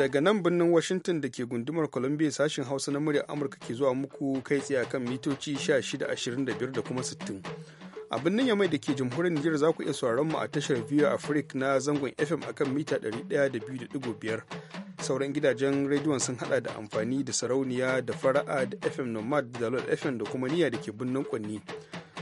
daga nan birnin washington da ke gundumar columbia sashen hausa na muryar amurka ke zuwa muku kai tsaye akan mitoci 1625 da kuma 60 a birnin yamai da ke jamhuriyar nijar za ku iya sauraron mu a tashar a africa na zangon fm akan mita 102.5 sauran gidajen rediyon sun hada da amfani da sarauniya da fara'a da fm nomad da fm da kuma niya da ke birnin kwanni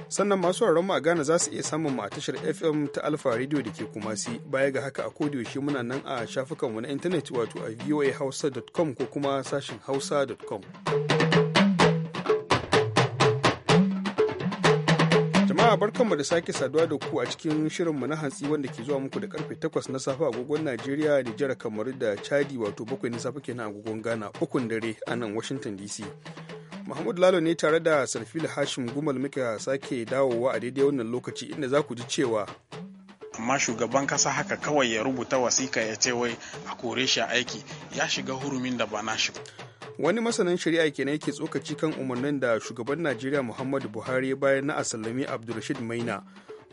sannan masu mu a Ghana za su iya samun mu a tashar FM ta Alfa Radio da ke Kumasi baya ga haka a yaushe muna nan a shafukanmu na intanet wato a voahausa.com ko kuma sashin hausa.com. jama'a barkanmu da sake saduwa da ku a cikin shirin mu na hantsi wanda ke zuwa muku da karfe 8 na safe agogon Najeriya, jira kamar da Chadi wato 7 na safe kenan agogon Ghana, ukun dare a nan Washington DC. Mahmud Lalo ne tare da Sarfil Hashim Gumal muka sake dawowa a daidai wannan lokaci inda za ku ji cewa amma shugaban kasa haka kawai ya rubuta wasika ya ce wai a kore shi aiki ya shiga hurumin da ba nashi wani masanin shari'a kenan yake tsokaci kan umarnin da shugaban najeriya muhammadu buhari bayan na asalami abdulrashid maina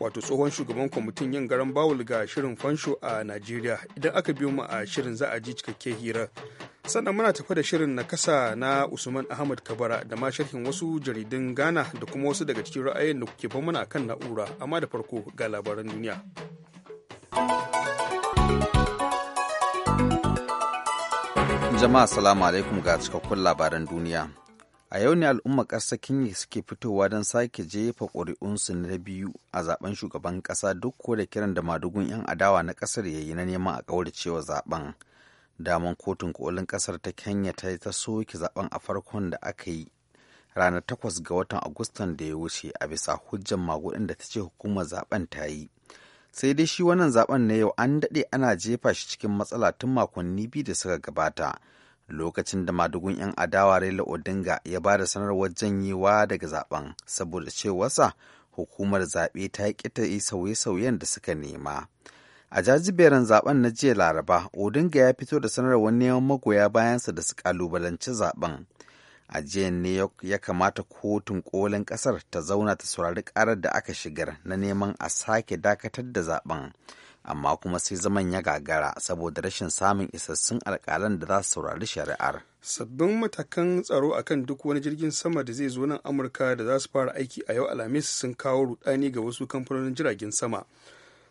wato tsohon shugaban kwamitin yin garan bawul ga shirin fansho a najeriya idan aka biyo mu a shirin za a ji cikakke hira sannan muna tafi da shirin na kasa na usman ahmad kabara da ma sharhin wasu jaridun ghana da kuma wasu daga cikin ra'ayin da kuke mana kan na'ura amma da farko ga labaran duniya jama'a salamu alaikum ga cikakkun labaran duniya a yau ne al'umma ƙasar kenya suke fitowa don sake jefa ƙuri'unsu na biyu a zaben shugaban ƙasa duk ko da kiran da madugun 'yan adawa na ƙasar yayi na neman a ƙauracewa zaben zaɓen daman kotun kolin kasar ta kenya ta yi ta soke zaben a farkon da aka yi ranar takwas ga watan agustan da ya wuce a bisa hujjan magudin da ta ce hukumar zaben ta yi sai dai shi wannan zaben na yau an daɗe ana jefa shi cikin matsala tun makonni biyu da suka gabata lokacin da madugun 'yan adawa Raila Odinga ya ba da sanarwar janyewa daga zaben saboda cewarsa hukumar zaɓe ta ki ta yi sauye-sauyen da suka nema. a jajiberin zaben na jiya laraba odinga ya fito da sanarwar neman magoya bayansa da su kalubalanci zaben a jiya ne ya kamata kotun kolin kasar ta zauna ta saurari karar da aka shigar na neman a sake dakatar da zaben amma kuma sai zaman ya gagara saboda rashin samun isassun alkalan da za su saurari shari'ar sabbin matakan tsaro akan duk wani jirgin sama da zai zo nan amurka da za su fara aiki a yau alhamis sun kawo rudani ga wasu kamfanonin jiragen sama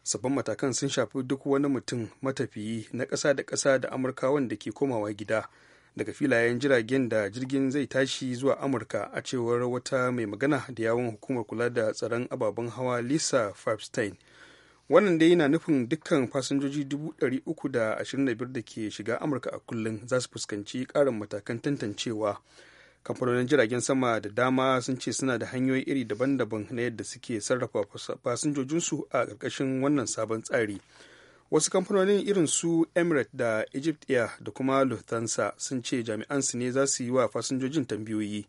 sabbin matakan sun shafi duk wani mutum matafiyi na ƙasa da ƙasa da amurka wanda ke komawa gida daga filayen jiragen da jirgin zai tashi zuwa amurka a cewar wata mai magana da yawon hukumar kula da tsaron ababen hawa lisa farbstein wannan dai yana nufin dukkan fasinjoji 325 da ke shiga amurka a kullum za su fuskanci ƙarin matakan tantancewa kamfanonin jiragen sama da dama sun ce suna da hanyoyi iri daban-daban na yadda suke sarrafa fasinjojinsu a ƙarƙashin wannan sabon tsari wasu kamfanonin irin su emirates da egypt air da kuma lufthansa sun ce jami'ansu ne za su yi wa fasinjojin tambayoyi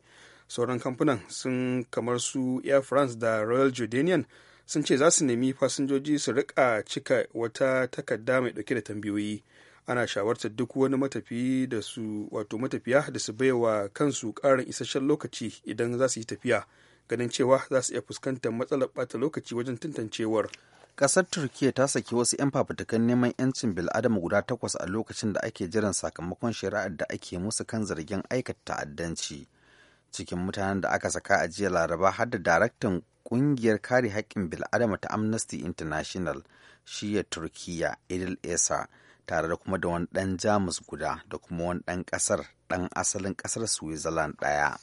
sauran kamfanan sun kamar su air france da royal jordanian sun ce za su nemi fasinjoji su rika cika wata takarda mai dauke da tambayoyi ana shawartar duk wani matafiya da su wato matafiya da su baiwa kansu ƙarin isasshen lokaci idan za su yi tafiya ganin cewa za su iya fuskantar matsalar ɓata lokaci wajen tantancewar ƙasar turkiya ta saki wasu 'yan fafutukan neman 'yancin bil'adama guda takwas a lokacin da ake jiran sakamakon shari'ar da ake musu kan zargin aikata ta'addanci cikin mutanen da aka saka a jiya laraba har da daraktan kungiyar kare haƙƙin bil'adama ta amnesty international shiya turkiyya idil esa tare da kuma da wani ɗan jamus guda da kuma wani ɗan ƙasar ɗan asalin ƙasar switzerland ɗaya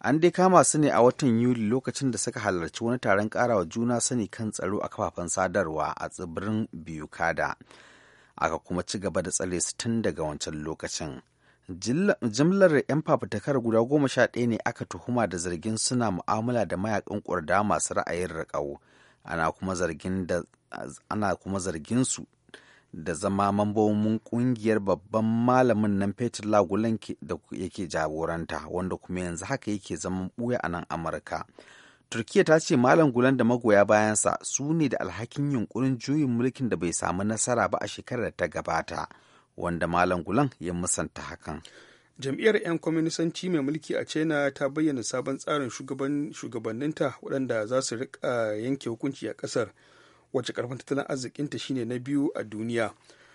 an dai kama su ne a watan yuli lokacin da suka halarci wani taron ƙarawa juna sani kan tsaro a kafafen sadarwa a tsibirin biyukada aka kuma ci gaba da tsare su tun daga wancan lokacin jimlar 'yan fafutakar guda goma sha ɗaya ne aka tuhuma da zargin suna mu'amala da mayakan ƙwarda masu ra'ayin rikau ana kuma zargin su da zama mambobin kungiyar babban malamin nan Fetur Lagulan da yake jagoranta wanda kuma yanzu haka yake zaman buya a nan Amurka. turkiya ta ce Malam Gulen da magoya bayansa su ne da alhakin yunkurin juyin mulkin da bai samu nasara ba a shekarar da ta gabata, wanda Malam Gulen ya musanta hakan. Jam'iyyar 'yan kwaminisanci mai mulki a China ta bayyana sabon tsarin shugabanninta waɗanda za su riƙa yanke hukunci a ƙasar. wacce karfin tattalin arzikinta shine na biyu a duniya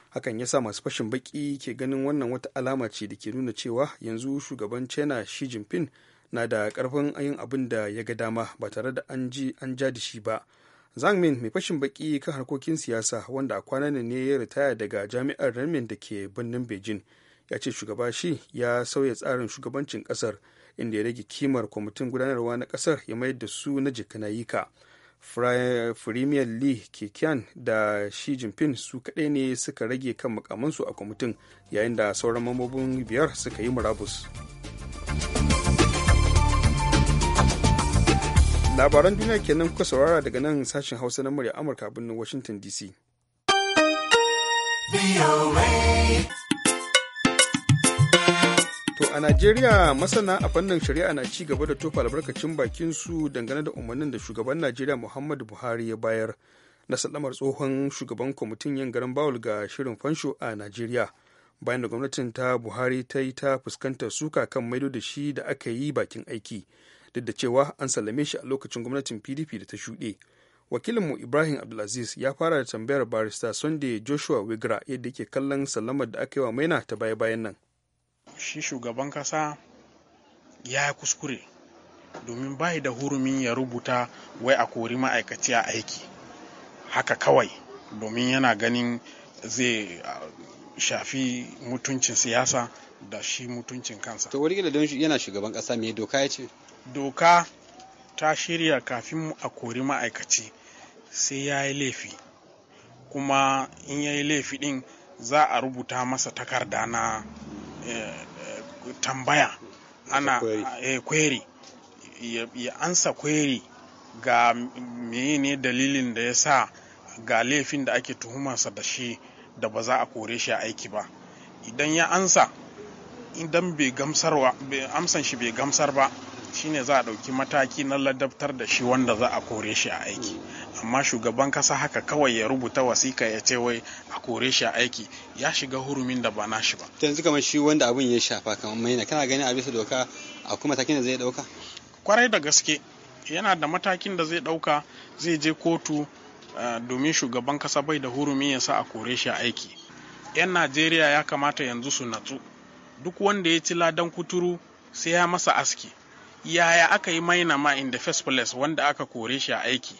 hakan ya sa masu fashin baki ke ganin wannan wata alama ce da ke nuna cewa yanzu shugaban china shi jinping na da karfin yin abin da ya ga dama ba tare da an ji an ja da shi ba zhang min mai fashin baki kan harkokin siyasa wanda a kwanan ne ya ritaya daga jami'ar renmin da ke birnin beijing ya ce shugaba shi ya sauya tsarin shugabancin kasar inda ya rage kimar kwamitin gudanarwa na kasar ya mayar da su na jikanayika premier lee kekyan da shi jinping su kaɗai ne suka rage kan makamansu a kwamitin yayin da sauran mambobin biyar suka yi murabus labaran duniya kenan kuka saurara daga nan sashen hausa na murya amurka birnin washington dc a najeriya masana a fannin shari'a na ci gaba da tofa albarkacin bakin su dangane da umarnin da shugaban najeriya muhammadu buhari ya bayar na sallamar tsohon shugaban kwamitin yin garin bawul ga shirin fansho a najeriya bayan da gwamnatin ta buhari ta yi ta fuskantar suka kan maido da shi da aka yi bakin aiki duk da cewa an sallame shi a lokacin gwamnatin pdp da ta shuɗe wakilinmu ibrahim abdulaziz ya fara da tambayar barista sunday joshua wigra yadda yake kallon sallamar da aka yi wa maina ta baya-bayan nan shi shugaban kasa ya kuskure domin bai da hurumin ya rubuta wai a kori ma'aikaci a aiki haka kawai domin yana ganin zai shafi mutuncin siyasa da shi mutuncin kansa. To wani don yana shugaban kasa me doka ya ce? Doka ta shirya kafin a kori ma'aikaci sai ya yi laifi kuma in ya yi laifi din za a rubuta masa takarda na eh, tambaya ana kweri eh, ya ansa kweri ga menene dalilin da ya sa ga laifin da ake tuhumarsa da shi da ba za a kore shi a aiki ba idan ya ansa idan bai amsan shi bai gamsar ba shine za a ɗauki mataki na ladabtar da shi wanda za a kore shi a aiki amma shugaban kasa haka kawai ya rubuta wasika ya ce wai a kore shi a aiki ya shiga hurumin da ba na shi ba yanzu kamar shi wanda abin ya shafa kamar maina kana ganin a bisa doka a kuma matakin da zai ɗauka kwarai da gaske yana da matakin da zai ɗauka zai je kotu eh, domin shugaban kasa bai da hurumin ya sa a kore shi a aiki 'yan najeriya ya kamata yanzu su natsu duk wanda ya ci ladan kuturu sai ya masa aski yaya aka yi maina ma in the first place wanda aka kore shi a aiki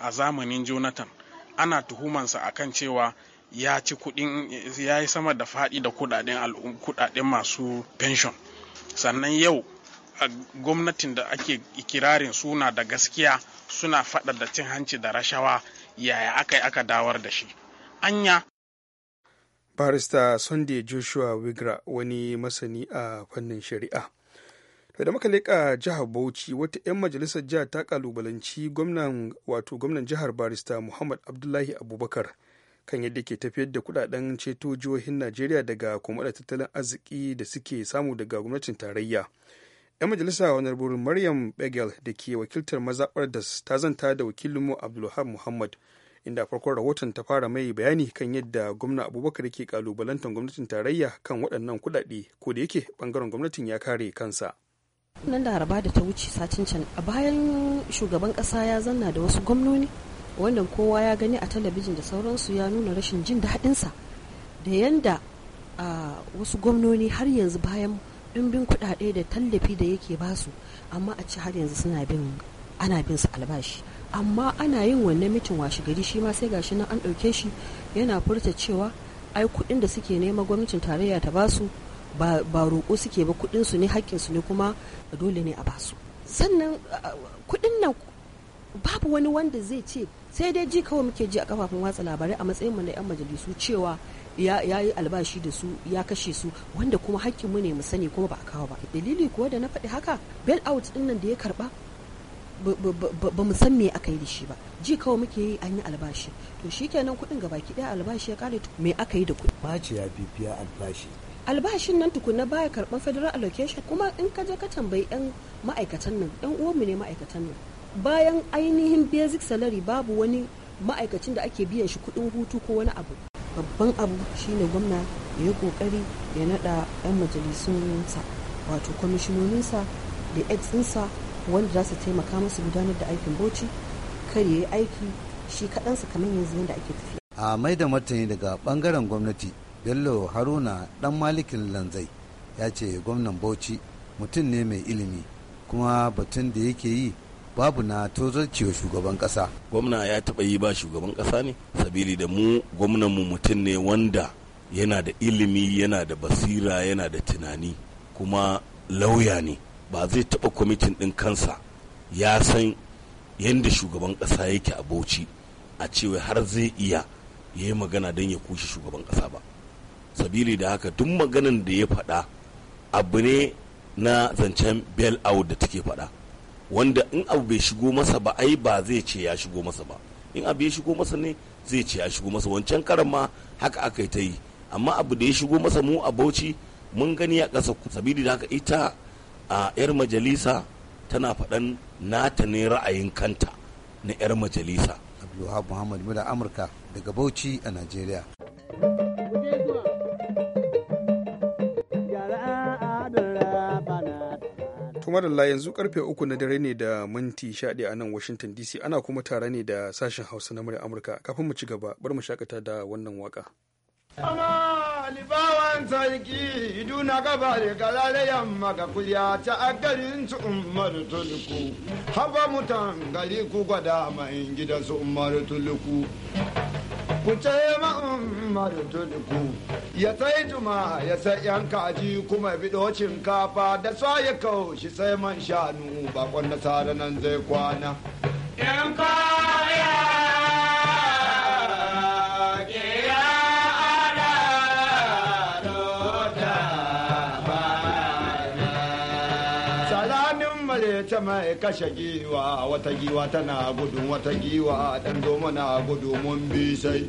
a zamanin jonathan ana tuhumansa akan cewa ya ci kudin ya yi sama da faɗi da kudaden masu pension sannan yau a gwamnatin da ake ikirarin suna da gaskiya suna faɗa da cin hanci da rashawa yaya aka yi aka dawar da shi anya barista sunday joshua wigra wani masani a fannin shari'a to da muka leƙa jihar bauchi wata 'yan majalisar jihar ta kalubalanci gwamnan wato gwamnan jihar barista muhammad abdullahi abubakar kan yadda ke tafiyar da kudaden ceto jihohin najeriya daga kuma tattalin arziki da suke samu daga gwamnatin tarayya 'yan majalisa wani honorable maryam begel da ke wakiltar mazaɓar da ta zanta da wakilinmu abdulhab muhammad inda farkon rahoton ta fara mai bayani kan yadda gwamna abubakar ke kalubalantar gwamnatin tarayya kan waɗannan kuɗaɗe ko da yake ɓangaren gwamnatin ya kare kansa nan laraba da ta wuce satin can a bayan shugaban kasa ya zanna da wasu gwamnoni wannan kowa ya gani a talabijin da sauransu ya nuna rashin jin daɗinsa da yanda a wasu gwamnoni har yanzu bayan ɗimbin kuɗaɗe da tallafi da yake ba su amma a ci har yanzu suna bin ana bin su albashi amma ana yin wannan mitin washe gari shi ma sai gashi nan an ɗauke shi yana furta cewa ai kuɗin da suke nema gwamnatin tarayya ta basu ba roƙo suke ba kuɗin su ne haƙƙin su ne kuma dole ne a basu sannan kuɗin nan babu wani wanda zai ce sai dai ji kawai muke ji a kafafin watsa labarai a matsayin mu na yan majalisu cewa ya yi albashi da su ya kashe su wanda kuma hakkin mu ne mu sani kuma ba a kawo ba dalili kuwa da na faɗi haka bail out din nan da ya karba ba mu san me aka yi da shi ba ji kawai muke yi an yi albashi to shikenan kuɗin gaba ki ɗaya albashi ya kare me aka yi da kuɗi maciya bibiya albashi albashin nan tukuna baya karɓar federal allocation kuma in ka je ka tambayi 'yan ma'aikatan nan 'yan mu ne ma'aikatan nan bayan ainihin basic salary babu wani ma'aikacin da ake biyan shi kuɗin hutu ko wani abu babban abu shine gwamna ya yi kokari ya nada 'yan majalisunsa wato kwamishinoninsa da exinsa wanda za su taimaka masu gudanar da aikin bauchi kar ya yi aiki shi kaɗansa kamar yanzu yadda ake tafiya a mai da martani daga bangaren gwamnati bello haruna dan malikin lanzai ya ce gwamnan bauchi mutum ne mai ilimi kuma batun da yake yi babu na cewa shugaban kasa gwamna ya taba yi ba shugaban kasa ne sabili da mu gwamnan mu mutum ne wanda yana da ilimi yana da basira yana da tunani kuma lauya ne ba zai taba kwamitin din kansa ya san yadda shugaban kasa yake a bauchi a cewa har zai iya ya yi magana don ya kushe shugaban kasa ba sabili da haka duk maganin da ya faɗa abu ne na zancen bel out da take faɗa wanda in abu bai shigo masa ba ai ba zai ce ya shigo masa ba in abu ya shigo masa ne zai ce ya shigo masa wancan karan ma haka aka ta yi amma abu da ya shigo masa mu a bauchi mun gani a ƙasa sabili da haka ita a 'yar majalisa tana faɗan nata ne ra'ayin kanta na 'yar majalisa. Abdullahi Muhammad Mura Amurka daga Bauchi a Najeriya. to yanzu karfe uku na dare ne da minti shaɗi a nan washington dc ana kuma tare ne da sashen hausa na murya amurka kafin mu ci gaba bar mu shakata da wannan waka Ama libawan sarki iduna gaba da kalare yamma ga kuliya ta agarin su umar tulku haba mutan gari ku gwada mai gida su umar tuluku. ku ce ma'ammar ya sai juma ya sai yan kaji kuma bidocin kafa da sa ya kaushi sai man shanu bakon nasara nan zai kwana. Yan da mai kashe giwa wata giwa tana gudun wata giwa dan zomo na gudu mun bi sai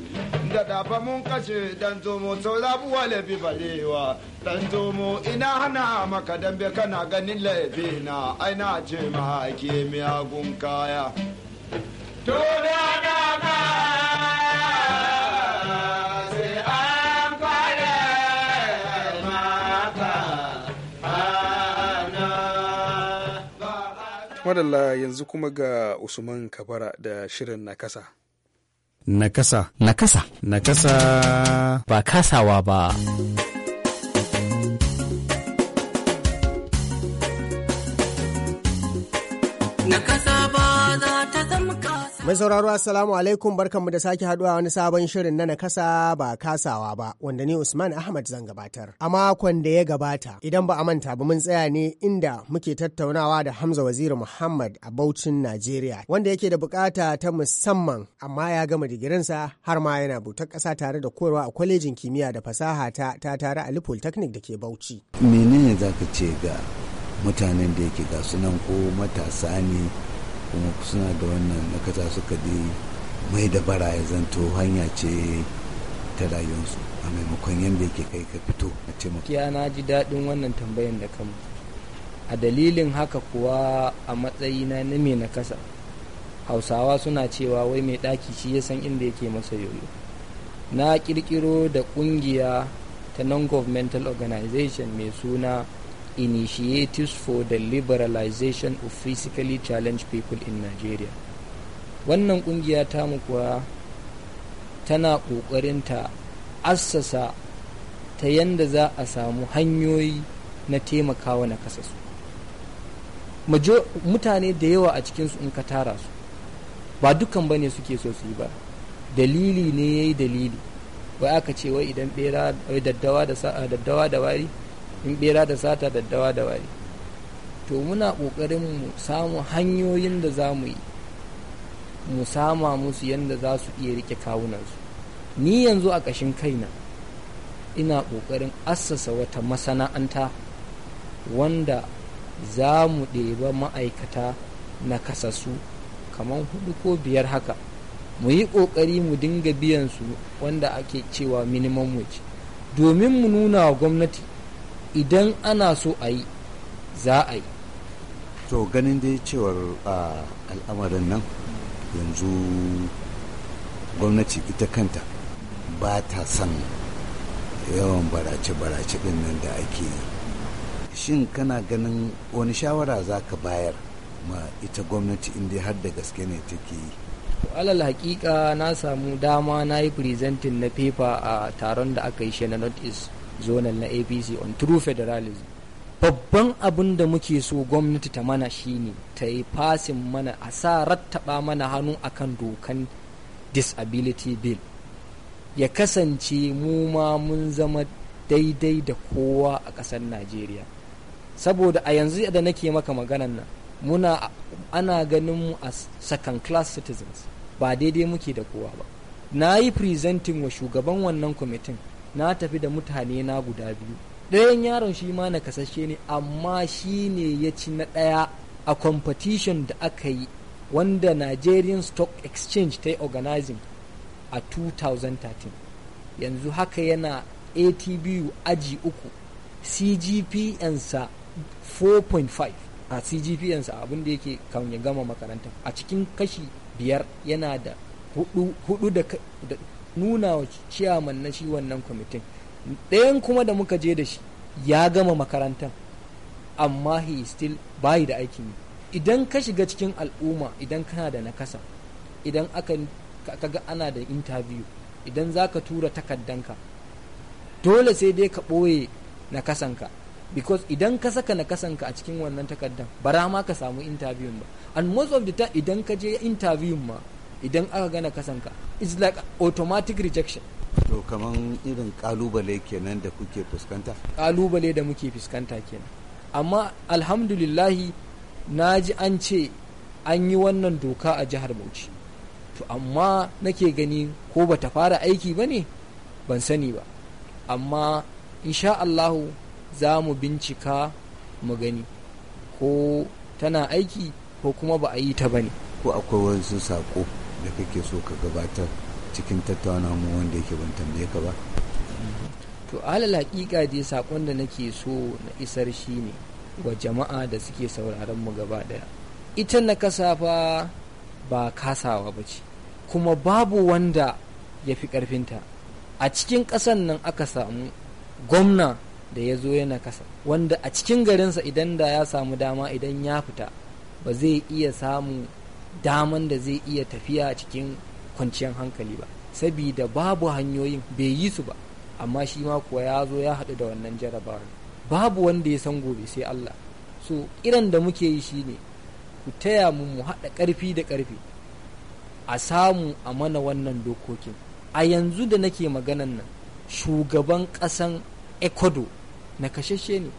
da dafa mun kashe dan zomo sau rabuwa laifi balewa dan zomo ina hana maka dambe kana ganin laifi na aina ce ma ke miyagun kaya. Tuna na madalla yanzu kuma ga usman kabara da shirin nakasa nakasa nakasa nakasa ba kasawa ba nakasa Mai sauraro Assalamu alaikum barkanmu da sake haduwa wani sabon shirin na nakasa ba kasawa ba wanda ni Usman Ahmad zan gabatar. A makon da ya gabata idan ba a manta ba mun tsaya ne inda muke tattaunawa da Hamza Waziri Muhammad a Baucin Najeriya wanda yake da bukata ta musamman amma ya gama digirinsa har ma yana butar kasa tare da koyarwa a kwalejin kimiyya da fasaha ta ta tare a Polytechnic da ke Bauchi. Menene zaka ce ga mutanen da yake ga sunan ko matasa ne kuma suna da wannan nakasa suka je mai da bara ya zanto hanya ce ta rayuwarsu a maimakon yadda yake kai ka fito a ce ya na ji daɗin wannan tambayan da kama a dalilin haka kuwa a matsayina na mai kasa. hausawa suna cewa wai mai ɗaki shi ya san inda yake masa yoyo na ƙirƙiro da ƙungiya ta non-governmental organization mai suna initiatives for the liberalization of physically challenged people in Nigeria. Wannan kungiya ta kuwa tana ƙoƙarin ta assasa ta yanda za a samu hanyoyi na taimakawa na kasa su. Mutane da yawa a cikinsu in ka tara su, ba dukan bane suke so su yi ba, dalili ne ya yi dalili, wai aka ce wai idan ɓera daddawa da wari. in bera da sata daddawa da wari to muna ƙoƙarin mu samu hanyoyin da za mu yi mu sama musu yadda za su iya rike kawunansu ni yanzu a ƙashin kaina ina ƙoƙarin assasa wata masana'anta wanda za mu ɗeba ma'aikata na kasasu kamar hudu ko biyar haka mu yi ƙoƙari mu dinga biyan su wanda ake cewa minimum wage domin mu nuna wa gwamnati idan ana so a yi za a yi to ganin dai cewar al'amarin nan yanzu gwamnati ita kanta ba ta son yawan barace-barace din nan da ake yi shin kana ganin wani shawara za ka bayar ma ita gwamnati inda har da gaske ne take yi alal hakika na samu dama na yi presenting na paper a taron da aka yi shi na north zonal na apc on true federalism babban abin da muke so gwamnati ta mana shine ta yi fasin mana a sa rattaba mana hannu a kan dokan disability bill ya kasance mu ma mun zama daidai da kowa a ƙasar najeriya saboda a yanzu da nake maka maganan nan muna ana ganin mu a second class citizens ba daidai muke da kowa ba na yi presenting wa shugaban wannan kwamitin na tafi da mutane na guda biyu ɗayan yaron shi ma na kasashe ne amma shi ne ya ci na ɗaya a competition da aka yi wanda nigerian stock exchange ta yi organizing a 2013 yanzu haka yana atbu aji uku cgpnsa 4.5 a cgpnsa abinda yake kan ya gama makaranta a cikin kashi biyar yana da hudu, da nuna wa ciyaman na shi wannan kwamitin ɗayan kuma da muka je da shi ya gama makarantar amma he still bayi da aikin yi idan ka shiga cikin al'umma idan kana da nakasa idan aka ga ana da interview idan za ka tura takaddanka dole sai dai ka ɓoye nakasanka because idan ka saka nakasanka a cikin wannan takaddan bara ma ka samu interview ba and most of the time idan ka je interview ma idan aka gana kasanka it's like automatic rejection to kaman irin kalubale kenan da kuke fuskanta kalubale da muke fuskanta kenan amma alhamdulillahi na ji an ce an yi wannan doka a jihar bauchi to amma nake gani ko bata fara aiki ba ne ban sani ba amma insha allahu za mu bincika mu gani ko tana aiki ko kuma ba a yi ta ba ne ko akwai wasu sako? da kake so ka gabatar cikin tattauna mu wanda yake ban tambaye ka ba to alal hakika dai sakon da nake so na isar shi ne wa jama'a da suke sauraron mu gaba daya ita na kasafa ba kasawa ba ce kuma babu wanda ya fi karfinta a cikin ƙasan nan aka samu gwamna da ya zo yana kasa wanda a cikin garinsa idan da ya samu dama idan ya fita ba zai iya samu daman da zai iya tafiya a cikin kwanciyar hankali ba sabida babu hanyoyin bai yi su ba amma shi ma kuwa ya zo ya haɗu da wannan jarabawar babu wanda ya san gobe sai Allah so kiran da muke yi shi ne ku taya mu mu haɗa ƙarfi da ƙarfi a samu a mana wannan dokokin a yanzu da nake maganan nan shugaban ƙasan ecuador na kashashe ne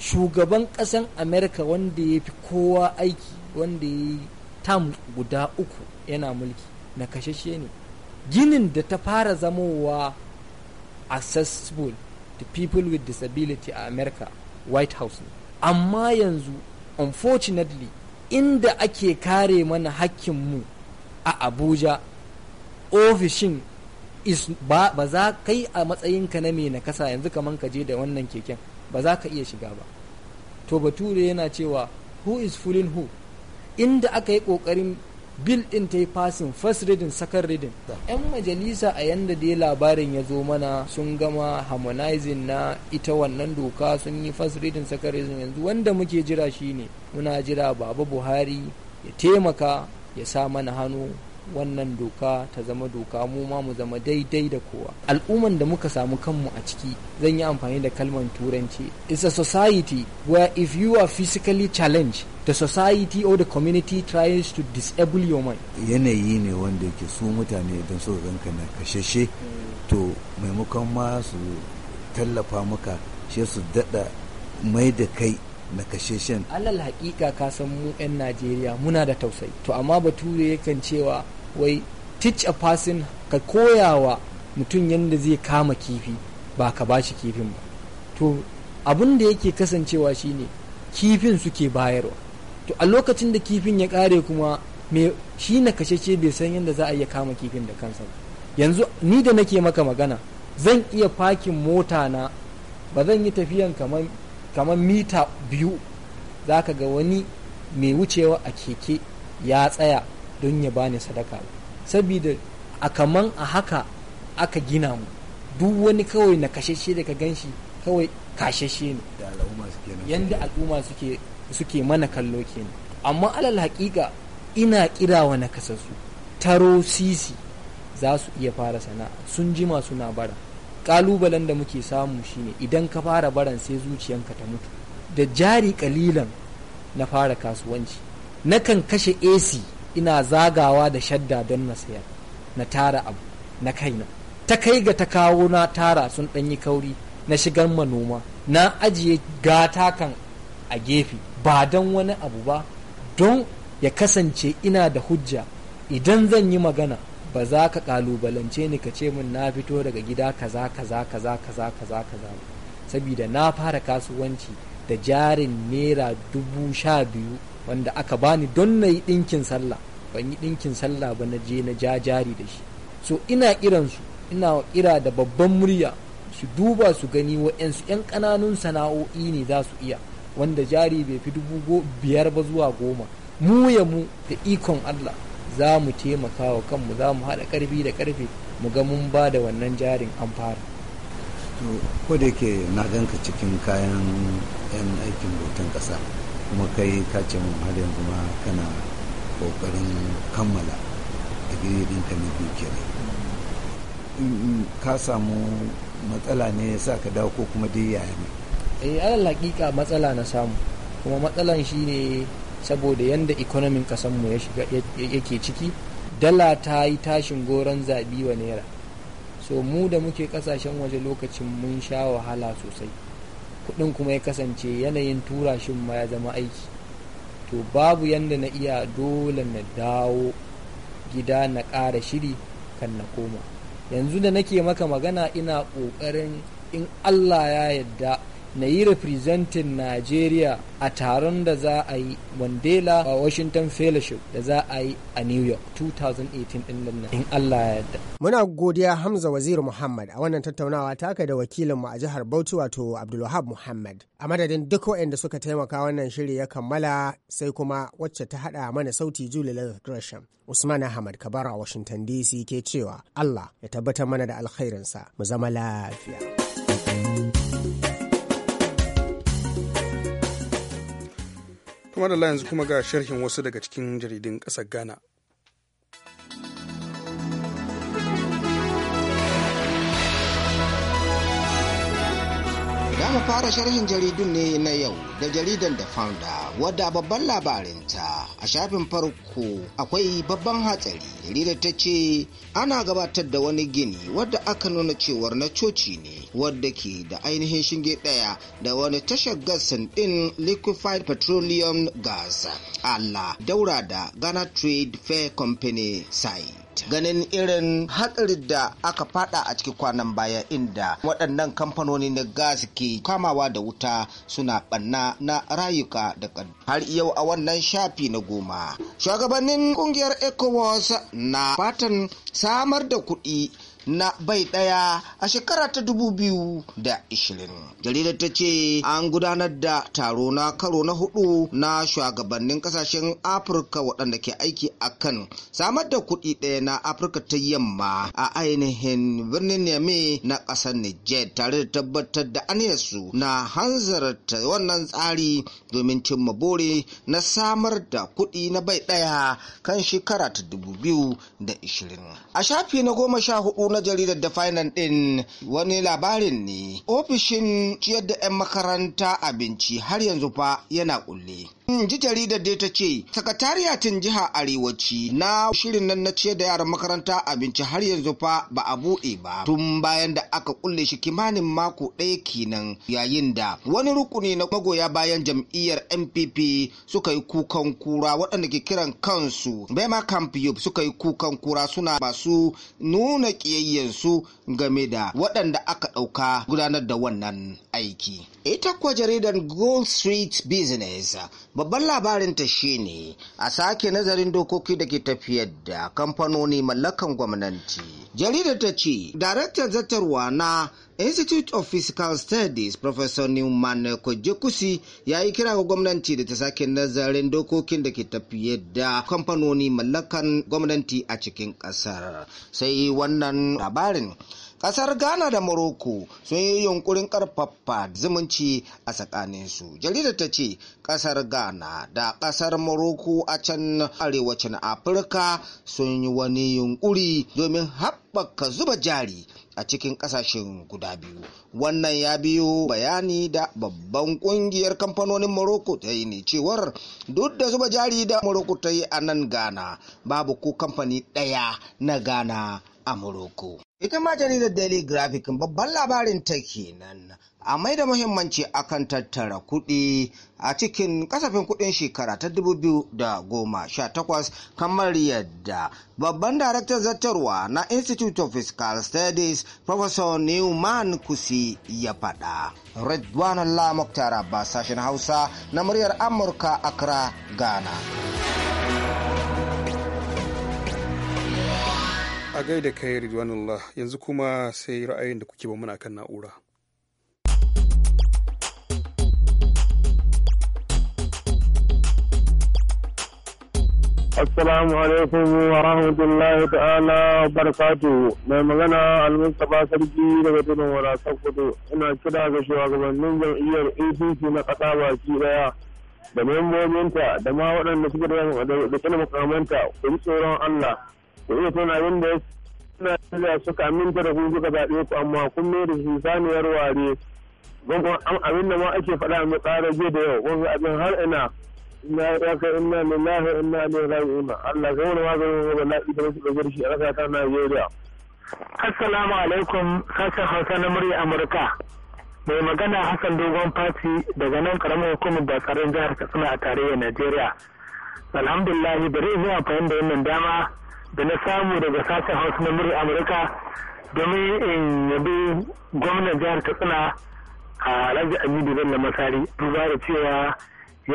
shugaban ƙasan america wanda ya fi kowa aiki wanda ya yi tam guda uku yana mulki na kashashe ne ginin da ta fara zamowa accessible to people with disability a america white house ne amma yanzu unfortunately inda ake kare mana hakkinmu a abuja ofishin ba, ba za kai a matsayinka na mai nakasa yanzu kamar ka je da wannan keken ba za ka iya shiga ba to bature yana cewa who is fooling who inda aka yi kokarin bil din ta yi fasin first reading second reading yan majalisa a yanda dai labarin ya zo mana sun gama harmonizing na ita wannan doka sun yi first reading second reading yanzu wanda muke jira shi ne, muna jira baba buhari ya taimaka ya sa mana hannu wannan doka ta zama doka mu ma mu zama daidai da kowa al'umman da muka samu kanmu a ciki zan yi amfani da kalmar turanci it's a society where if you are physically challenged the society or the community tries to disable your mind yanayi ne wanda ke su mutane idan so ganka na kashashe to maimakon ma su tallafa maka shi su dada mai da kai na kashashen alal hakika ka san mu 'yan najeriya muna da tausayi to amma bature yakan cewa wai teach a person ka koyawa mutum yadda zai kama kifi ba ka bashi kifin ba to abin da yake kasancewa shine kifin suke bayarwa to a lokacin da kifin ya kare kuma me shi na ce bai san yadda za a iya kama kifin da kansa yanzu ni da nake maka magana zan iya fakin mota na ba zan yi tafiyan kamar mita biyu za ka ga wani mai wucewa a keke ya tsaya don ya bani sadaka saboda a kaman a haka aka gina mu duk wani kawai na kashe da ka ganshi kawai kashe ne yadda al'umma suke suke mana kallo kenan amma alal haƙiƙa ina ƙira na nakasassu. taro sisi za su iya fara sana'a sun jima suna bara ƙalubalen da muke samu shine idan ka fara baran sai zuciyanka ta mutu da jari kalilan na fara kasuwanci nakan kashe ac ina zagawa da shadda don na sayar na tara abu na kaina ta kai ga ta kawo na tara sun ɗanyi kauri na shigar manoma na ajiye gata kan a gefe ba don wani abu ba don ya kasance ina da hujja idan zan yi magana ba za ka kalubalance ni ka ce min na fito daga gida kaza kaza kaza kaza kaza kaza saboda na fara kasuwanci da jarin naira dubu sha biyu wanda aka bani don na yi ɗinkin sallah ban yi ɗinkin sallah ba na je na ja jari da shi so ina kiransu ina kira da babban murya su duba su gani wa'yansu 'yan ƙananun sana'o'i ne za su iya wanda jari bai fi dubu biyar ba zuwa goma mu ya mu da ikon Allah za mu taimaka wa kanmu za mu haɗa ƙarfi da ƙarfe mu ga mun ba da wannan jarin an fara ko da yake na ganka cikin kayan 'yan aikin hoton ƙasa kuma kai ka ce mun har yanzu ma kana ƙoƙarin kammala digiri ka na biyu kenan ka samu matsala ne ya sa ka dawo ko kuma dai yaya ne eh alal hakika matsala na samu kuma matsalan shi ne saboda yanda ikonomin kasanmu ya yake ciki dala ta yi tashin goron zabi wa naira so mu da muke kasashen waje lokacin mun sha wahala sosai kuɗin kuma ya kasance yanayin tura shin ma ya zama aiki to babu yanda na iya dole na dawo gida na ƙara shiri kan na koma yanzu da nake maka magana ina ƙoƙarin in allah ya yadda na yi representin nigeria a taron da za a yi Mandela a Washington Fellowship da za a yi a New York 2018 din nan in Allah ya yarda. Muna godiya Hamza Waziri Muhammad a wannan tattaunawa ta taka da wakilin mu a jihar Bauchi wato Abdulwahab Muhammad. A madadin duk waɗanda suka taimaka wannan shiri ya kammala sai kuma wacce ta haɗa mana sauti Julie Gresham. Usman Ahmad Kabara Washington DC ke cewa Allah ya tabbatar mana da alkhairinsa mu zama lafiya. kuma da yanzu kuma ga sharhin wasu daga cikin jaridun ƙasar ghana mu fara sharhin jaridun ne na yau da jaridan da founder wadda babban labarinta a shafin farko akwai babban hatsari jaridar ta ce ana gabatar da wani gini wadda aka nuna cewar na coci ne wadda ke da ainihin shinge daya da wani tashar gas din liquefied petroleum gas allah daura da ghana trade fair company site ganin irin hatsarin da aka fada a cikin kwanan baya inda waɗannan kamfanoni na gas ke kamawa da wuta suna banna na rayuka da har yau a wannan shafi na goma shugabannin kungiyar ecowas na fatan samar da kuɗi na bai ɗaya a shekara ta 2020. Jaridar ta ce an gudanar da taro na karo na hudu na shugabannin kasashen Afirka waɗanda ke aiki a kan samar da kuɗi ɗaya na Afirka ta yamma a ainihin birnin Niamey na ƙasar Niger. tare da tabbatar da aniyarsu na hanzarta wannan tsari domin cimma bore na samar da kuɗi na bai ɗaya kan shekara ta 2020. A shafi na goma sha hudu na jaridar da finance din wani labarin ne ofishin ciyar da 'yan makaranta abinci har yanzu fa yana kulle ji jaridar dai ta ce sakatariyatin jiha arewaci na shirin nan na ciyar da yaran makaranta abinci har yanzu fa ba a buɗe ba tun bayan da aka kulle shi kimanin mako ɗaya kenan yayin da wani rukuni na magoya bayan jam'iyyar npp suka yi kukan kura waɗanda ke kiran kansu bema camp yub suka yi kukan kura suna masu nuna ƙiyayyansu game da waɗanda aka ɗauka gudanar da wannan aiki ita kuwa jaridar gold street business babban labarin ta shine a sake nazarin dokoki da ke tafiyar da kamfanoni mallakan gwamnati jaridar ta ce daraktar zartarwa na institute of physical studies professor newman kojekusi ya yi kira ga gwamnati da ta sake nazarin dokokin da ke tafiyar da kamfanoni mallakan gwamnati a cikin kasar sai wannan labarin kasar ghana da morocco sun yi yunkurin karfafa zumunci a tsakaninsu jarida ta ce kasar ghana da kasar morocco a can arewacin afirka sun yi wani yunkuri domin haɓaka zuba jari a cikin kasashen guda biyu wannan ya biyo bayani da babban kungiyar kamfanonin morocco ta yi ne cewar duk da zuba jari da morocco ta yi a nan ghana babu ko kamfani ɗaya na ghana a morocco Ita ma jaridar Daily Graphic babban labarin ta kenan a mai da muhimmanci akan tattara kuɗi a cikin kasafin kuɗin shekara ta 2018 kamar yadda babban daraktan zartarwa na Institute of Fiscal Studies Professor Newman Kusi ya faɗa. Redwan Allah Mukhtar Abbas sashen Hausa na muryar Amurka Accra, Ghana. a gaida kai ridwanullah yanzu kuma sai ra'ayin da kuke ba muna kan na'ura Assalamu alaikum wa rahmatullahi ta'ala barkatu mai magana almustapha sarki daga tudun wala kudu ina kira ga shugabannin jam'iyyar APC na ƙasa baki daya da membobinta da ma waɗanda suka da da makamanta ku tsoron Allah iya tuna abin da suna da suka minta da kun suka zaɓe ku amma kun mai da su saniyar ware abin da ma ake faɗa mai tsara jiya da yau wasu abin har ina ina ya kai ina lillahi ina ilaihi raji'un Allah kai wani maganin wani bala'i da wasu ɗaukar shi a ƙasa ta Najeriya. Assalamu alaikum sashen Hausa na murya Amurka. Mai magana Hassan Dogon Fati daga nan karamar hukumar da tsaron jihar Katsina a tarayyar Najeriya. Alhamdulillah bari in yi amfani da wannan dama da na samu daga sashen hausa na murya amurka domin in yabi gwamnan jihar katsina a alhaji aminu bello masari duba da cewa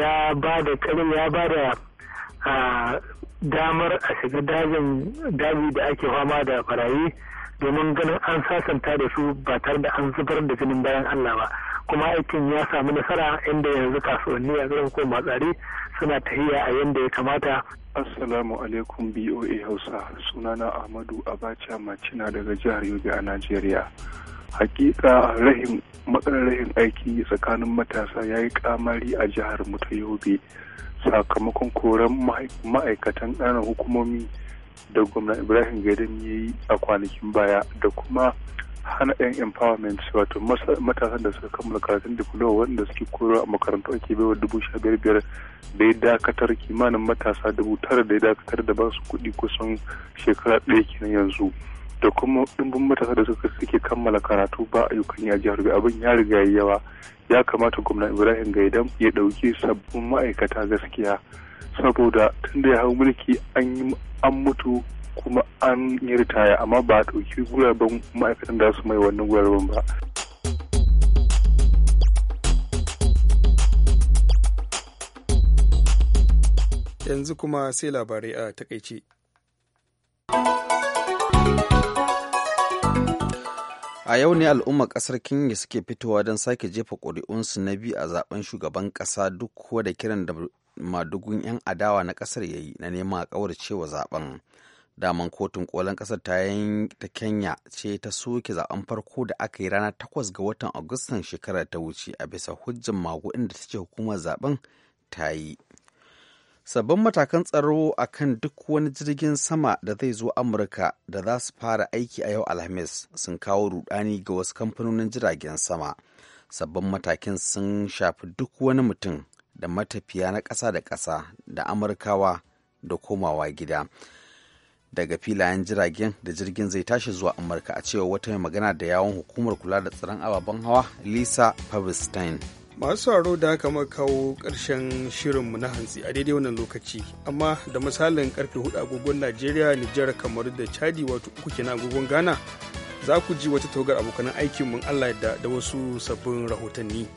ya ba da karin ya ba da damar a shiga dajin daji da ake fama da barayi domin ganin an sasanta da su ba tare da an zubar da jinin bayan allah ba kuma aikin ya samu nasara inda yanzu kasuwanni a garin ko tsari suna tahiya a yadda ya kamata Assalamu alaikum BOA Hausa sunana Ahmadu Abacha Macina daga jihar Yobe a Najeriya. Hakika rahim matsalar rahin aiki tsakanin matasa ya yi kamari a jihar mu ta Yobe sakamakon koran ma'aikatan ƙananan hukumomi da gwamna Ibrahim Gadon ya yi a kwanakin baya da kuma hana yan empowerment wato matasan da suka kammala karatun diploma wanda suke koyarwa a ke ake baiwa dubu sha biyar biyar da ya dakatar kimanin matasa dubu tara da ya dakatar da ba su kuɗi kusan shekara ɗaya kenan yanzu da kuma ɗumbin matasa da suka suke kammala karatu ba ayyukan ya jihar abin ya riga ya yawa ya kamata gwamna ibrahim gaidan ya ɗauki sabbin ma'aikata gaskiya saboda tun da ya hau mulki an mutu kuma an yi ritaya amma ba a ɗauki guraben ma'aikatan da su mai wannan guraben ba yanzu kuma sai labarai a takaice a yau ne al'ummar kasar kenya suke fitowa don sake jefa ƙuri'unsu na biyu a zaben shugaban ƙasa duk kuwa da kiran da madugun 'yan adawa na ƙasar ya yi na neman a ƙaurace wa zaben daman kotun kolin kasar ta ta kenya ce ta soke zaben farko da aka yi rana takwas ga watan agustan shekarar ta wuce a bisa hujjan maguɗin da ta ce hukumar zaben ta yi sabbin matakan tsaro a kan duk wani jirgin sama da zai zo amurka da za su fara aiki a yau alhamis sun kawo rudani ga wasu kamfanonin jiragen sama sabbin matakin sun shafi duk wani mutum da matafiya na ƙasa da ƙasa da amurkawa da komawa gida daga filayen jiragen da jirgin zai tashi zuwa amurka a cewa wata mai magana da yawon hukumar kula da tsaron ababen hawa lisa pavestein masu sauraro da aka kawo shirin shirinmu na hantsi a daidai wannan lokaci amma da misalin karfe hudu agogon najeriya nijar kamar da chadi wato uku kenan agogon ghana za ku ji wata togar abokanan aikinmu allah da wasu sabbin rahotanni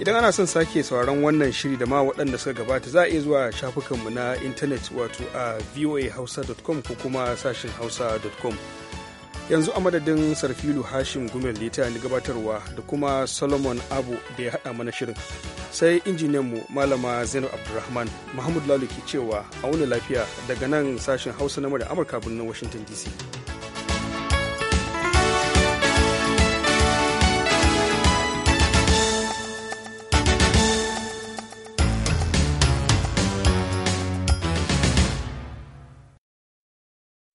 idan ana son sake sauraron wannan shiri da ma waɗanda suka gabata za a iya zuwa shafukanmu na intanet wato a voahausa.com ko kuma sashin hausa.com yanzu a madadin sarfilu hashim gumel lita ni gabatarwa da kuma solomon abu da ya haɗa mana shirin sai injiniyanmu malama zainab abdulrahman mahmud lalu ke cewa a wani lafiya daga nan sashin hausa na amurka birnin washington dc